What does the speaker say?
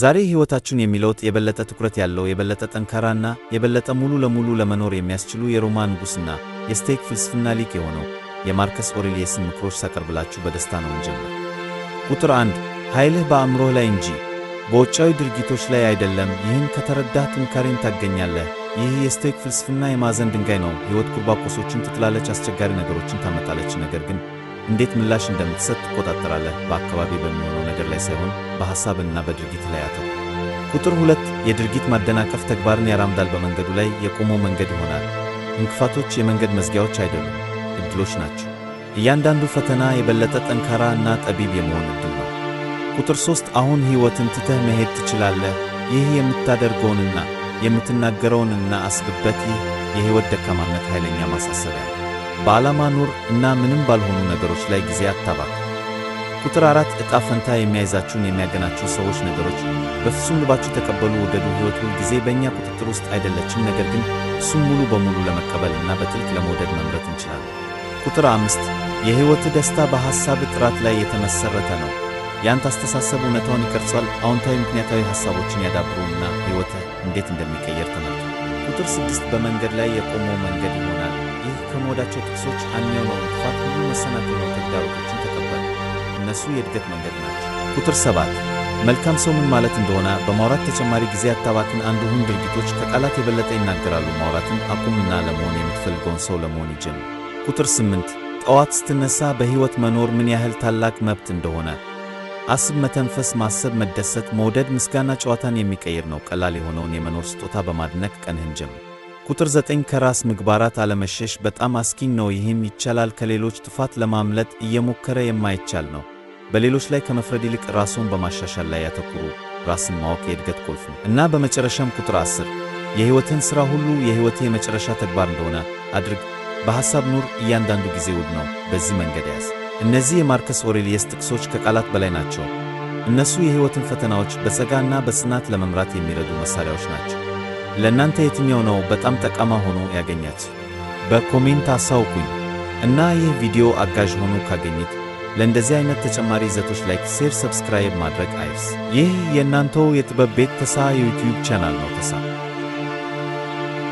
ዛሬ ሕይወታችሁን የሚለውጥ የበለጠ ትኩረት ያለው የበለጠ ጠንካራና የበለጠ ሙሉ ለሙሉ ለመኖር የሚያስችሉ የሮማ ንጉሥና የስቴክ ፍልስፍና ሊቅ የሆነው የማርከስ ኦሬሊየስን ምክሮች ሳቀርብላችሁ በደስታ ነው እንጀምር። ቁጥር አንድ ኃይልህ በአእምሮህ ላይ እንጂ በውጫዊ ድርጊቶች ላይ አይደለም። ይህን ከተረዳህ ጥንካሬን ታገኛለህ። ይህ የስቶይክ ፍልስፍና የማዕዘን ድንጋይ ነው። ሕይወት ኩርባኮሶችን ትጥላለች፣ አስቸጋሪ ነገሮችን ታመጣለች። ነገር ግን እንዴት ምላሽ እንደምትሰጥ ትቆጣጠራለህ። በአካባቢ በሚሆነው ነገር ላይ ሳይሆን በሐሳብና በድርጊት ላይ አተው። ቁጥር ሁለት የድርጊት ማደናቀፍ ተግባርን ያራምዳል። በመንገዱ ላይ የቆመው መንገድ ይሆናል። እንቅፋቶች የመንገድ መዝጊያዎች አይደሉም፣ እድሎች ናቸው። እያንዳንዱ ፈተና የበለጠ ጠንካራ እና ጠቢብ የመሆን እድል ነው። ቁጥር ሦስት አሁን ሕይወትን ትተህ መሄድ ትችላለህ። ይህ የምታደርገውንና የምትናገረውንና አስብበት። ይህ የሕይወት ደካማነት ኃይለኛ ማሳሰቢያ ነው። በዓላማ ኑር እና ምንም ባልሆኑ ነገሮች ላይ ጊዜ አታባክ። ቁጥር አራት ዕጣ ፈንታ የሚያይዛችሁን የሚያገናችሁ ሰዎች ነገሮች በፍጹም ልባችሁ ተቀበሉ፣ ውደዱ። ሕይወት ሁል ጊዜ በእኛ ቁጥጥር ውስጥ አይደለችም፣ ነገር ግን እሱም ሙሉ በሙሉ ለመቀበል እና በጥልቅ ለመውደድ መምረት እንችላለን። ቁጥር አምስት የሕይወት ደስታ በሐሳብ ጥራት ላይ የተመሠረተ ነው። ያንተ አስተሳሰብ እውነታውን ይቀርጿል። አዎንታዊ ምክንያታዊ ሐሳቦችን ያዳብሩና ሕይወትህ እንዴት እንደሚቀየር ተመልከት። ቁጥር ስድስት በመንገድ ላይ የቆመው መንገድ ይሆናል። ከምወዳቸው ጥቅሶች አንደኛው ነው፣ ሁሉ መሰናክል ተግዳሮቶችን ተቀበል፣ እነሱ የእድገት መንገድ ናቸው። ቁጥር ሰባት መልካም ሰው ምን ማለት እንደሆነ በማውራት ተጨማሪ ጊዜ አታባክን። አንድ ሁን። ድርጊቶች ከቃላት የበለጠ ይናገራሉ። ማውራትን አቁምና ለመሆን የምትፈልገውን ሰው ለመሆን ይጀምር። ቁጥር ስምንት ጠዋት ስትነሳ በሕይወት መኖር ምን ያህል ታላቅ መብት እንደሆነ አስብ። መተንፈስ፣ ማሰብ፣ መደሰት፣ መውደድ፣ ምስጋና ጨዋታን የሚቀይር ነው። ቀላል የሆነውን የመኖር ስጦታ በማድነቅ ቀንህን ጀምር። ቁጥር 9 ከራስ ምግባራት አለመሸሽ በጣም አስኪኝ ነው። ይህም ይቻላል ከሌሎች ጥፋት ለማምለጥ እየሞከረ የማይቻል ነው። በሌሎች ላይ ከመፍረድ ይልቅ ራስዎን በማሻሻል ላይ ያተኩሩ። ራስን ማወቅ የእድገት ቁልፍ ነው እና በመጨረሻም ቁጥር 10 የሕይወትን ሥራ ሁሉ የሕይወቴ የመጨረሻ ተግባር እንደሆነ አድርግ። በሐሳብ ኑር፣ እያንዳንዱ ጊዜ ውድ ነው። በዚህ መንገድ ያዝ። እነዚህ የማርከስ ኦሬሊየስ ጥቅሶች ከቃላት በላይ ናቸው። እነሱ የሕይወትን ፈተናዎች በጸጋና በጽናት ለመምራት የሚረዱ መሣሪያዎች ናቸው። ለእናንተ የትኛው ነው በጣም ጠቃማ ሆኖ ያገኛት? በኮሜንት አሳውቁኝ እና ይህ ቪዲዮ አጋዥ ሆኖ ካገኘት ለእንደዚህ አይነት ተጨማሪ ይዘቶች ላይክ፣ ሼር፣ ሰብስክራይብ ማድረግ አይርስ። ይህ የእናንተው የጥበብ ቤት ተሳ የዩቲዩብ ቻናል ነው። ተሳ